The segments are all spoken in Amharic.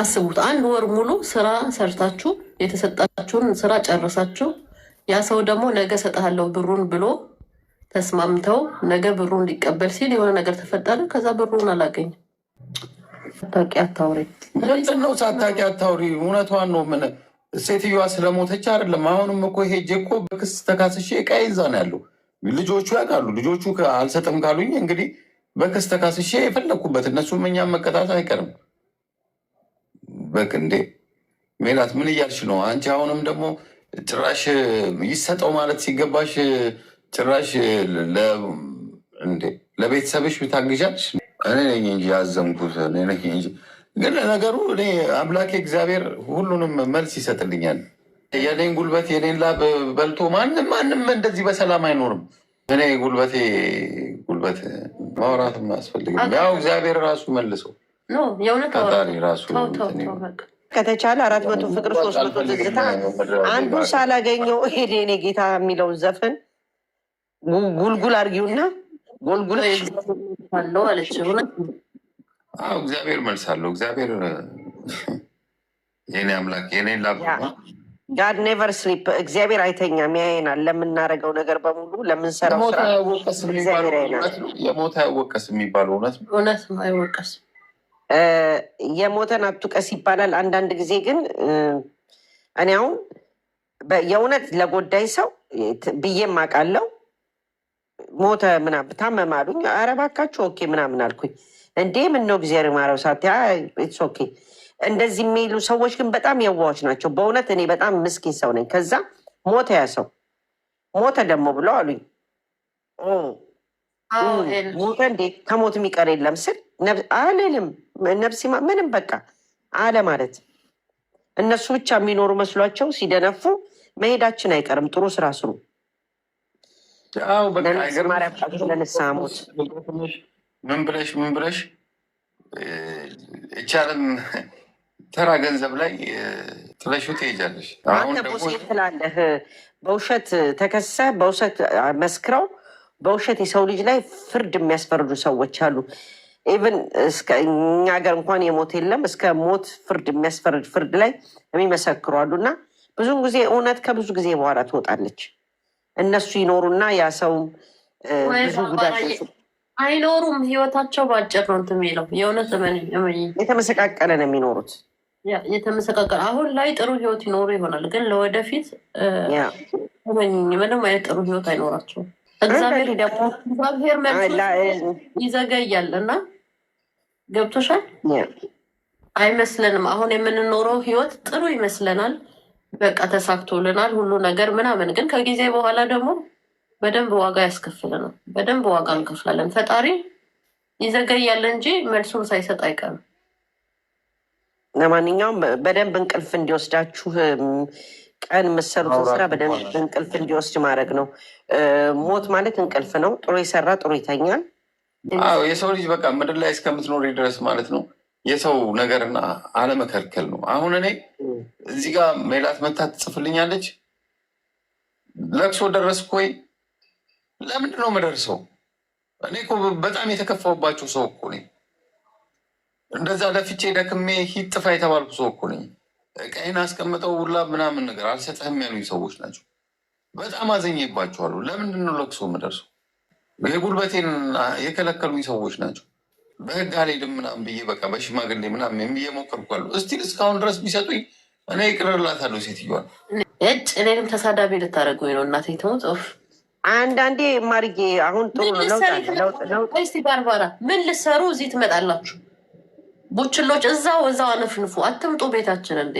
አስቡት። አንድ ወር ሙሉ ስራ ሰርታችሁ የተሰጣችሁን ስራ ጨርሳችሁ ያ ሰው ደግሞ ነገ ሰጥሃለሁ ብሩን ብሎ ተስማምተው ነገ ብሩን ሊቀበል ሲል የሆነ ነገር ተፈጠረ። ከዛ ብሩን አላገኝም። ሳታውቂ አታውሪ፣ ግልጽ ነው። ሳታውቂ አታውሪ። እውነቷን ነው። ምን ሴትዮዋ ስለሞተች አይደለም። አሁንም እኮ ሄጄ እኮ በክስ ተካስሼ ዕቃ ይዛ ነው ያለው። ልጆቹ ያውቃሉ። ልጆቹ አልሰጥም ካሉኝ እንግዲህ በክስ ተካስሼ የፈለግኩበት እነሱም እኛም መቀጣት አይቀርም። በቅ እንዴ ሜላት ምን እያልሽ ነው አንቺ? አሁንም ደግሞ ጭራሽ ይሰጠው ማለት ሲገባሽ ጭራሽ ለቤተሰብሽ ብታግዣች እኔ ነኝ እንጂ ያዘንኩት እንጂ። ግን ነገሩ እኔ አምላኬ እግዚአብሔር ሁሉንም መልስ ይሰጥልኛል። የኔን ጉልበት የኔን ላብ በልቶ ማንም ማንም እንደዚህ በሰላም አይኖርም። እኔ ጉልበቴ ጉልበት ማውራትም አያስፈልግም። ያው እግዚአብሔር ራሱ መልሰው የእውነት ራሱ ከተቻለ አራት መቶ ፍቅር ሶስት መቶ ትዝታ አንዱን ሳላገኘው ሄደ የኔ ጌታ የሚለው ዘፈን ጉልጉል አድርጊውና ጎልጉል እግዚአብሔር መልሳለሁ። እግዚአብሔር የኔ አምላክ የኔን ላ ጋድ ኔቨር ስሊፕ እግዚአብሔር አይተኛም፣ ያየናል። ለምናደርገው ነገር በሙሉ ለምንሰራው ስራ የሞት አይወቀስ የሚባለው እውነት ነው። እውነት ነው፣ አይወቀስም የሞተን አብቱቀስ ይባላል። አንዳንድ ጊዜ ግን እኔ አሁን የእውነት ለጎዳይ ሰው ብዬ ማቃለው ሞተ ምናምን ታመመ አሉኝ። ኧረ እባካችሁ ኦኬ ምናምን አልኩኝ። እንዴ ምን ነው ጊዜ ርማረው ሳት ኢትስ ኦኬ። እንደዚህ የሚሉ ሰዎች ግን በጣም የዋዎች ናቸው። በእውነት እኔ በጣም ምስኪን ሰው ነኝ። ከዛ ሞተ ያ ሰው ሞተ ደግሞ ብለው አሉኝ ሞተ እንዴ? ከሞት የሚቀር የለም ስል አልልም። ነብስ ምንም በቃ አለ ማለት እነሱ ብቻ የሚኖሩ መስሏቸው ሲደነፉ መሄዳችን አይቀርም። ጥሩ ስራ ስሩ። ለንሳሙት ምን ብለሽ ምን ብለሽ እቻለን ተራ ገንዘብ ላይ ትለሹ ትሄጃለሽ። አንተ ሴት ትላለህ። በውሸት ተከሰ በውሸት መስክረው በውሸት የሰው ልጅ ላይ ፍርድ የሚያስፈርዱ ሰዎች አሉ። ኢቨን እኛ ሀገር እንኳን የሞት የለም እስከ ሞት ፍርድ የሚያስፈርድ ፍርድ ላይ የሚመሰክሩ አሉ። እና ብዙን ጊዜ እውነት ከብዙ ጊዜ በኋላ ትወጣለች። እነሱ ይኖሩና ያ ሰው ብዙ ጉዳት አይኖሩም። ህይወታቸው በአጭር ነው እንትን የሚለው የእውነት የተመሰቃቀለ ነው የሚኖሩት የተመሰቃቀለ አሁን ላይ ጥሩ ህይወት ይኖሩ ይሆናል፣ ግን ለወደፊት ምንም አይነት ጥሩ ህይወት አይኖራቸውም። እግዚአብሔር ደግሞ እግዚአብሔር ይዘገያል እና ገብቶሻል አይመስለንም። አሁን የምንኖረው ህይወት ጥሩ ይመስለናል፣ በቃ ተሳክቶልናል ሁሉ ነገር ምናምን። ግን ከጊዜ በኋላ ደግሞ በደንብ ዋጋ ያስከፍለናል። በደንብ ዋጋ እንከፍላለን። ፈጣሪ ይዘገያል እንጂ መልሱን ሳይሰጥ አይቀርም። ለማንኛውም በደንብ እንቅልፍ እንዲወስዳችሁ ቀን የምትሰሩትን ስራ በደንብ እንቅልፍ እንዲወስድ ማድረግ ነው። ሞት ማለት እንቅልፍ ነው። ጥሩ የሰራ ጥሩ ይተኛል። የሰው ልጅ በቃ ምድር ላይ እስከምትኖሪ ድረስ ማለት ነው። የሰው ነገርና አለመከልከል ነው። አሁን እኔ እዚህ ጋር ሜላት መታ ትጽፍልኛለች። ለቅሶ ደረስኩ ወይ? ለምንድን ነው መደርሰው? እኔ እኮ በጣም የተከፋውባቸው ሰው እኮ ነኝ። እንደዛ ለፍቼ ደክሜ ሂድ ጥፋ የተባልኩ ሰው እኮ ነኝ። ቀይን አስቀምጠው ውላ ምናምን ነገር አልሰጠህም ያሉኝ ሰዎች ናቸው። በጣም አዘኝባቸዋሉ። ለምንድን ነው ለቅሶ የምደርሰው? የጉልበቴን የከለከሉኝ ሰዎች ናቸው። በህግ አልሄድም ምናምን ብዬ በቃ በሽማግሌ ምናምን ብዬ ሞከርኳለሁ። እስቲል እስካሁን ድረስ ቢሰጡኝ እኔ ይቅርላታለሁ። ሴትዮዋል እጭ እኔ ግን ተሳዳቢ ልታደርጉኝ ነው። እናቴ ትሙት አንዳንዴ ማርጌ አሁን ጥሩ ነው። ለውጥ ምን ልሰሩ እዚህ ትመጣላችሁ ቡችሎች እዛው እዛው አነፍንፉ፣ አትምጡ ቤታችን። እንዴ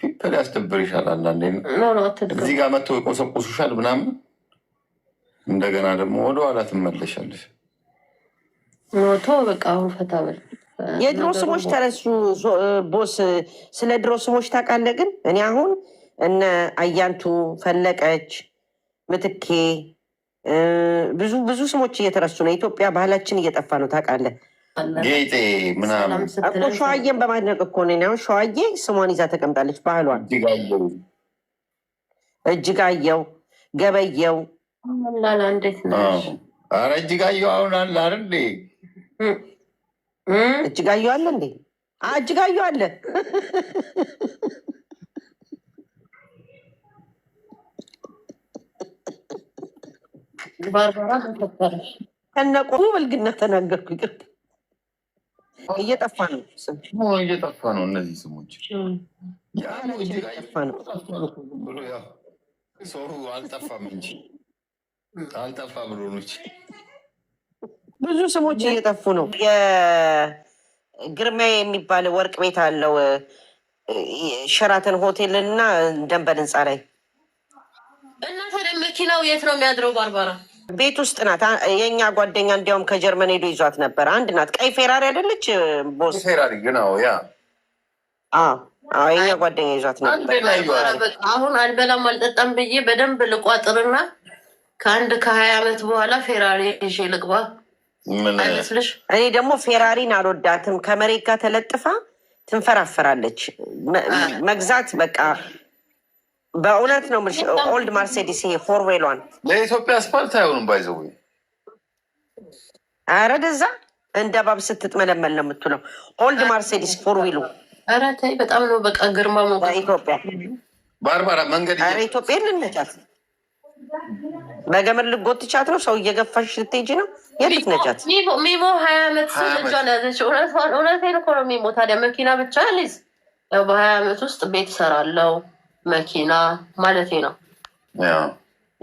ፒፐል ያስደብርሻል። አንዳንዴ እዚህ ጋር መጥተው የቆሰቆሱሻል ምናምን፣ እንደገና ደግሞ ወደኋላ ትመለሻለሽ። ኖቶ በቃ አሁን ፈታ በል። የድሮ ስሞች ተረሱ ቦስ። ስለ ድሮ ስሞች ታውቃለህ? ግን እኔ አሁን እነ አያንቱ ፈለቀች፣ ምትኬ ብዙ ብዙ ስሞች እየተረሱ ነው። ኢትዮጵያ ባህላችን እየጠፋ ነው። ታውቃለህ? ጌጤ ምናምን እኮ ሸዋዬን በማድነቅ እኮ ነው። አሁን ሸዋዬ ስሟን ይዛ ተቀምጣለች። ባህሏን እጅጋየው ገበየው አረ እጅጋየው አሁን አለ እንዴ እጅጋየው አለ እንዴ እጅጋየው አለ ብልግና ተናገርኩ። ይቅርታ እየጠፋ ነው እየጠፋ ነው። እነዚህ ስሞች ሰው አልጠፋም እንጂ አልጠፋ ብሎ ነች። ብዙ ስሞች እየጠፉ ነው። የግርሚያ የሚባል ወርቅ ቤት አለው ሸራተን ሆቴል እና ደንበል ህንፃ ላይ እና ታዲያ መኪናው የት ነው የሚያድረው? ባርባራ ቤት ውስጥ ናት። የእኛ ጓደኛ እንዲያውም ከጀርመን ሄዶ ይዟት ነበር። አንድ ናት። ቀይ ፌራሪ አይደለች? ቦስ ፌራሪ ነው ያ። የኛ ጓደኛ ይዟት ነበር። አሁን አልበላም አልጠጣም ብዬ በደንብ ልቋጥርና ከአንድ ከሀያ አመት በኋላ ፌራሪ ይዤ ልግባ አይመስልሽ? እኔ ደግሞ ፌራሪን አልወዳትም። ከመሬት ጋር ተለጥፋ ትንፈራፈራለች። መግዛት በቃ በእውነት ነው የምልሽ። ኦልድ ማርሴዲስ ይሄ ፎርዌሏን ለኢትዮጵያ አስፋልት አይሆንም ባይዘው። አረ ደዛ እንደ ባብ ስትጥመለመል ነው የምትለው። ኦልድ ማርሴዲስ ፎርዌሉ። አረ ተይ በጣም ነው በቃ ግርማ ኢትዮጵያ ባርባራ መንገድ ኢትዮጵያ ልነቻት በገመድ ልጎትቻት ነው ሰው እየገፋሽ ልትሄጂ ነው የት ነቻት። ሚሞ ሀያ አመት ልጇን ያዘች። እውነቴን እኮ ነው ሚሞ። ታዲያ መኪና ብቻ ልጅ በሀያ አመት ውስጥ ቤት እሰራለሁ መኪና ማለት ነው።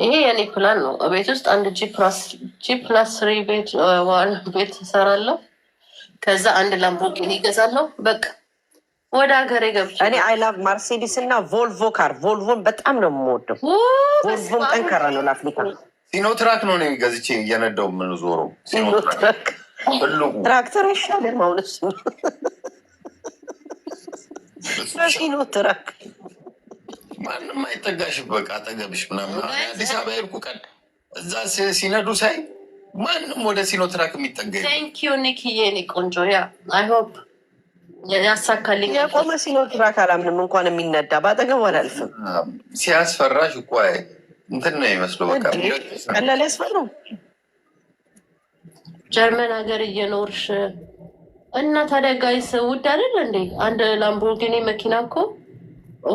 ይሄ የኔ ፕላን ነው። ቤት ውስጥ አንድ ጂ ፕላስ ስሪ ቤት ዋን ቤት እሰራለሁ። ከዛ አንድ ላምቦርጊኒ ይገዛለሁ። በቃ ወደ ሀገር ገብቼ እኔ አይ ላቭ ማርሴዲስ እና ቮልቮ ካር ቮልቮን በጣም ነው የምወደው። ቮልቮን ጠንከራ ነው ለአፍሪካ። ሲኖትራክ ነው እኔ ገዝቼ እየነዳው ምን ዞሮ ትራክተር አይሻልም? አሁን እሱ ሲኖትራክ ማንም አይጠጋሽም። በቃ አጠገብሽ ምናምን አዲስ አበባ ሄድኩ ቀን እዛ ሲነዱ ሳይ ማንም ወደ ሲኖትራክ የሚጠጋ ኒክዬ፣ እኔ ቆንጆ ያ ያሳካልኝ። የቆመ ሲኖትራክ አላምንም እንኳን የሚነዳ በአጠገቡ አላልፍም። ሲያስፈራሽ እኮ እንትን ነው በቃ ቀላል ያስፈራ። ጀርመን ሀገር እየኖርሽ እና ታዲያ ጋይስ ውድ አይደል እንዴ? አንድ ላምቦርጊኒ መኪና እኮ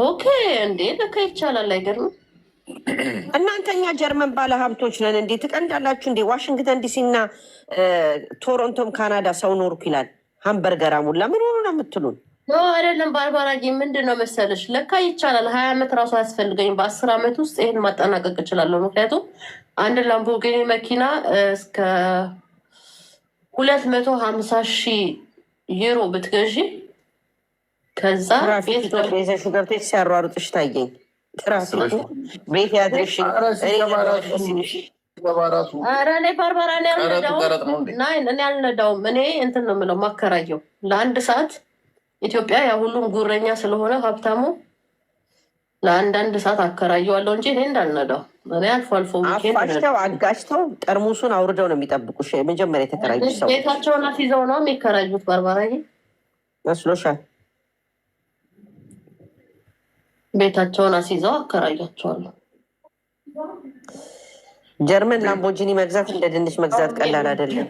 ኦኬ እንዴ ለካ ይቻላል አይገርምም? እናንተኛ ጀርመን ባለ ሀብቶች ነን እንዴ ትቀንዳላችሁ እንዴ? ዋሽንግተን ዲሲ እና ቶሮንቶም ካናዳ ሰው ኖርኩ ይላል። ሀምበርገራ ሙላ ምን ሆኑ ነው የምትሉን? አይደለም ባርባራጌ፣ ምንድን ነው መሰለሽ ለካ ይቻላል። ሀያ ዓመት ራሱ አያስፈልገኝም። በአስር ዓመት ውስጥ ይህን ማጠናቀቅ እችላለሁ። ምክንያቱም አንድ ላምቦርጊኒ መኪና እስከ ሁለት መቶ ሀምሳ ሺህ ዩሮ ብትገዢ ከዛ ቤተሽ ገብተሽ ሲያሯሩጥሽ ታየኝ። ትራፊኩ ቤት ያድርሽ። ኧረ ባርባራ እኔ አልነዳውም። እኔ እንትን ነው የምለው ማከራየው ለአንድ ሰዓት ኢትዮጵያ ያ ሁሉም ጉረኛ ስለሆነ ሀብታሙ ለአንዳንድ ሰዓት አከራየዋለሁ እንጂ እኔ እንዳልነዳው እኔ አልፎ አልፎ አፋሽተው አጋጭተው ጠርሙሱን አውርደው ነው የሚጠብቁሽ። መጀመሪያ የተከራዩ ሰው ቤታቸውን አስይዘው ነው የሚከራዩት። ባርባራ መስሎሻል? ቤታቸውን አስይዘው አከራያቸዋለሁ። ጀርመን ላምቦጂኒ መግዛት እንደ ድንች መግዛት ቀላል አይደለም።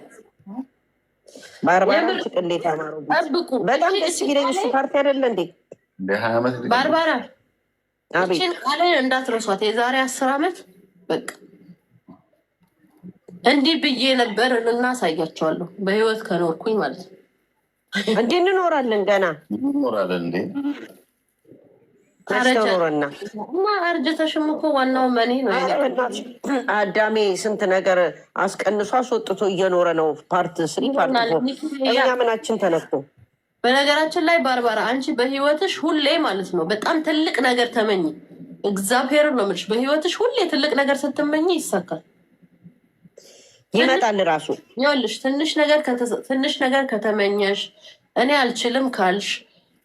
በአርባ ቅሌት አማሮ በጣም ደስ ቢለኝ እሱ ፓርቲ አይደለ እንዴ? በአርባ አራት እንዳትረሷት። የዛሬ አስር ዓመት በቃ እንዲህ ብዬ ነበር እና በህይወት ከኖርኩኝ ማለት ነው። እንዴ እንኖራለን ገና እንኖራለን እንዴ እና እርጅተሽም እኮ ዋናው መኔ ነው። አዳሜ ስንት ነገር አስቀንሶ አስወጥቶ እየኖረ ነው። ፓርት ስሪ ፓርት እኛ ምናችን ተነክቶ በነገራችን ላይ ባርባራ፣ አንቺ በህይወትሽ ሁሌ ማለት ነው በጣም ትልቅ ነገር ተመኝ። እግዚአብሔር ነው የምልሽ። በህይወትሽ ሁሌ ትልቅ ነገር ስትመኝ ይሳካል፣ ይመጣል ራሱ። ይኸውልሽ ትንሽ ነገር ከተመኘሽ እኔ አልችልም ካልሽ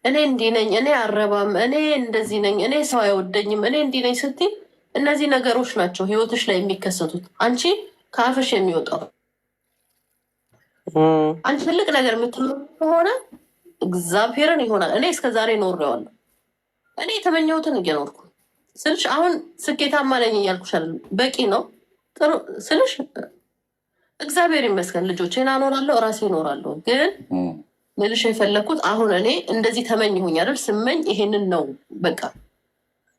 እኔ እንዲህ ነኝ፣ እኔ አረባም፣ እኔ እንደዚህ ነኝ፣ እኔ ሰው አይወደኝም፣ እኔ እንዲህ ነኝ ስትይ እነዚህ ነገሮች ናቸው ህይወትሽ ላይ የሚከሰቱት። አንቺ ከአፍሽ የሚወጣው አንቺ ትልቅ ነገር የምትኖ ከሆነ እግዚአብሔርን ይሆናል። እኔ እስከዛሬ ኖሬዋለሁ። እኔ የተመኘሁትን እየኖርኩ ስልሽ አሁን ስኬታማ ነኝ እያልኩሻል። በቂ ነው ስልሽ እግዚአብሔር ይመስገን ልጆቼን አኖራለሁ፣ እራሴ እኖራለሁ ግን ልልሽ የፈለግኩት አሁን እኔ እንደዚህ ተመኘሁኝ አይደል? ስመኝ ይሄንን ነው በቃ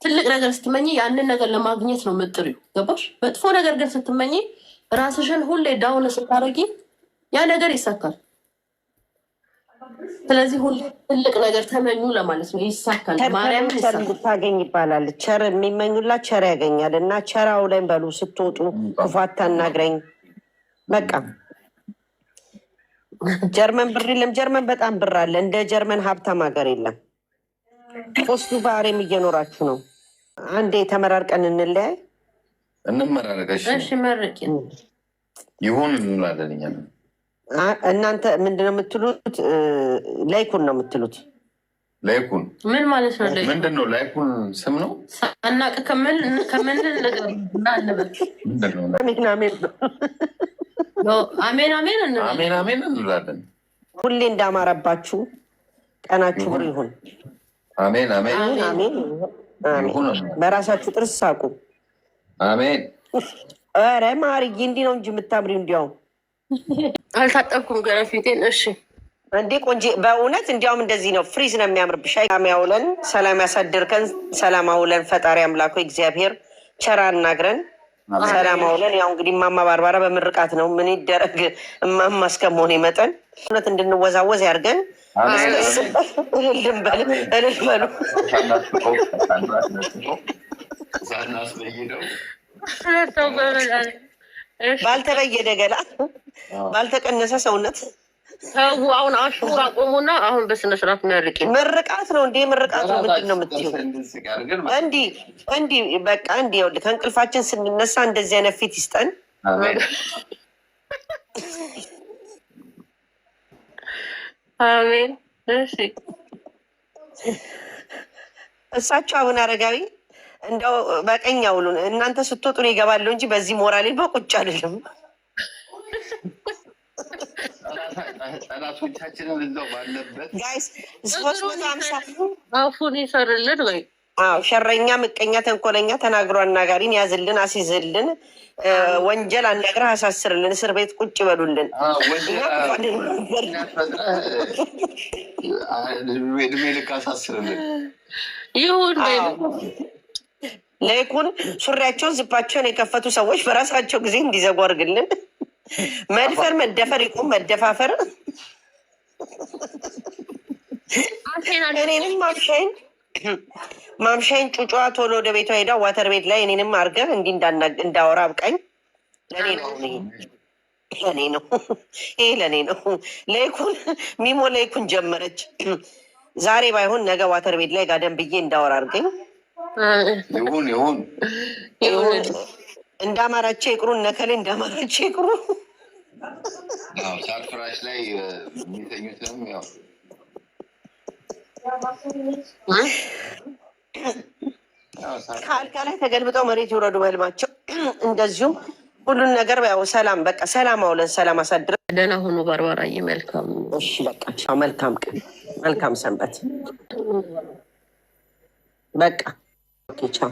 ትልቅ ነገር ስትመኝ ያንን ነገር ለማግኘት ነው ምጥሪው። ገባሽ? መጥፎ ነገር ግን ስትመኝ ራስሽን ሁሌ ዳውን ስታረጊ ያ ነገር ይሳካል። ስለዚህ ሁሌ ትልቅ ነገር ተመኙ ለማለት ነው። ይሳካል። ማርያም ይባላል። ቸር የሚመኙላት ቸር ያገኛል። እና ቸራው ላይ በሉ ስትወጡ ክፉ አታናግረኝ በቃ ጀርመን ብር የለም። ጀርመን በጣም ብር አለ። እንደ ጀርመን ሀብታም ሀገር የለም። ሶስቱ ባህሬም እየኖራችሁ ነው። አንዴ ተመራርቀን እንለያይ። እንመራረቀሽ መርቅ ይሁን እንላለን። እናንተ ምንድነው የምትሉት? ላይኩን ነው የምትሉት? ላይኩን ምን ማለት ነው? ምንድን ነው ላይኩን? ስም ነው ሳናቅ ከምን ከምን ነገር ምናምን አሜን አሜን አሜን አሜን እንላለን። ሁሌ እንዳማረባችሁ ቀናችሁ ብር ይሁን። አሜን አሜን አሜን በራሳችሁ ጥርስ ሳቁ። አሜን። ኧረ ማርዬ እንዲህ ነው እንጂ የምታምሪው። እንዲያውም አልታጠብኩም ገና ፊቴን። እሺ እንዴ ቆንጆ፣ በእውነት እንዲያውም እንደዚህ ነው ፍሪዝ ነው የሚያምርብሽ። ያውለን፣ ሰላም ያሳድርከን፣ ሰላም አውለን። ፈጣሪ አምላኮ እግዚአብሔር ቸራ አናግረን ሰላም አውለን። ያው እንግዲህ እማማ ባርባራ በምርቃት ነው። ምን ይደረግ እማማ እስከመሆኔ መጠን እውነት እንድንወዛወዝ ያድርገን። ልንበል እልል ባልተበየደ ገላ ባልተቀነሰ ሰውነት ሰው አሁን አሹራ ቆሙና አሁን በስነ ስርዓት መርቂ። ምርቃት ነው እንዴ? ምርቃት ነው ምንድን ነው የምትይው? እንዲ እንዲ በቃ እንዲ ይኸውልህ፣ ከእንቅልፋችን ስንነሳ እንደዚህ አይነት ፊት ይስጠን። አሜን። እሺ እሳቸው አሁን አረጋዊ እንደው በቀኝ አውሉን እናንተ ስትወጡ ነው ይገባለሁ እንጂ በዚህ ሞራሌ በቁጭ አይደለም። ጠላቶቻችንን እዛው ባለበት ጋይስ ሶስት መቶ ሀምሳ አፉን ይሰርልን ወይ አዎ ሸረኛ፣ ምቀኛ፣ ተንኮለኛ፣ ተናግሮ አናጋሪን ያዝልን፣ አስይዝልን፣ ወንጀል አነግረህ አሳስርልን፣ እስር ቤት ቁጭ በሉልን። እድሜ ልክ አሳስርልን። ይሁን ለይኩን ሱሪያቸውን ዝባቸውን የከፈቱ ሰዎች በራሳቸው ጊዜ እንዲዘጉ አድርግልን። መድፈር መደፈር ይቁም፣ መደፋፈር እኔንም ማምሻይን ማምሻይን ጩጫ ቶሎ ወደ ቤቷ ሄዳ ዋተር ቤት ላይ እኔንም አድርገህ እንዲህ እንዳወራ አብቃኝ። ለእኔ ነው ለእኔ ነው ይሄ ለእኔ ነው። ለይኩን ሚሞ ለይኩን ጀመረች። ዛሬ ባይሆን ነገ ዋተር ቤት ላይ ጋደን ብዬ እንዳወራ አድርገኝ። ይሁን ይሁን ይሁን እንዳማራቸው ይቅሩ፣ እነ ከሌ እንዳማራቸው ይቅሩ። ሳር ፍራሽ ላይ የሚተኙትም ያው ከአልጋ ላይ ተገልብጠው መሬት ይውረዱ በህልማቸው። እንደዚሁም ሁሉን ነገር ያው ሰላም በቃ ሰላም አውለን ሰላም አሳድረ ደህና ሆኑ። ባርባራዬ መልካም በቃ መልካም ቀን መልካም ሰንበት በቃ ቻው።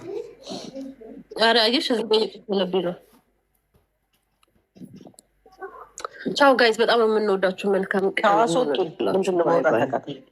አየሽ ቻው ጋይዝ፣ በጣም የምንወዳችሁ መልካም